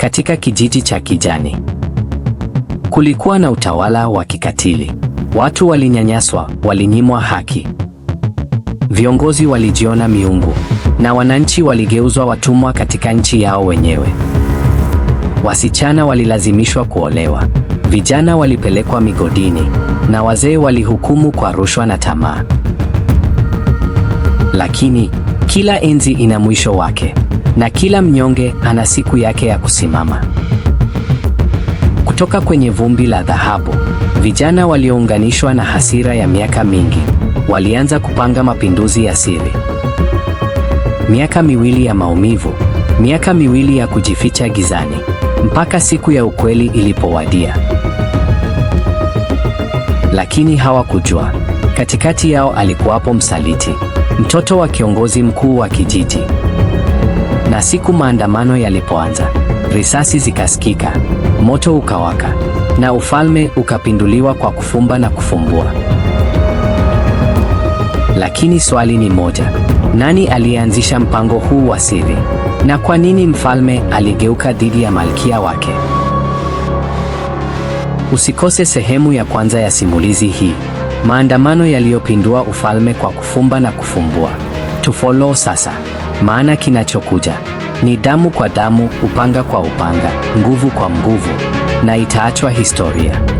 katika kijiji cha Kijani. Kulikuwa na utawala wa kikatili. Watu walinyanyaswa, walinyimwa haki. Viongozi walijiona miungu na wananchi waligeuzwa watumwa katika nchi yao wenyewe. Wasichana walilazimishwa kuolewa, vijana walipelekwa migodini na wazee walihukumu kwa rushwa na tamaa. Lakini kila enzi ina mwisho wake na kila mnyonge ana siku yake ya kusimama. Kutoka kwenye vumbi la dhahabu, vijana waliounganishwa na hasira ya miaka mingi walianza kupanga mapinduzi ya siri. Miaka miwili ya maumivu, miaka miwili ya kujificha gizani, mpaka siku ya ukweli ilipowadia. Lakini hawakujua katikati yao alikuwapo msaliti, mtoto wa kiongozi mkuu wa kijiji. Na siku maandamano yalipoanza, risasi zikasikika, moto ukawaka, na ufalme ukapinduliwa kwa kufumba na kufumbua. Lakini swali ni moja: nani alianzisha mpango huu wa siri, na kwa nini mfalme aligeuka dhidi ya malkia wake? Usikose sehemu ya kwanza ya simulizi hii, maandamano yaliyopindua ufalme kwa kufumba na kufumbua. Tufollow sasa maana kinachokuja ni damu kwa damu, upanga kwa upanga, nguvu kwa nguvu, na itaachwa historia.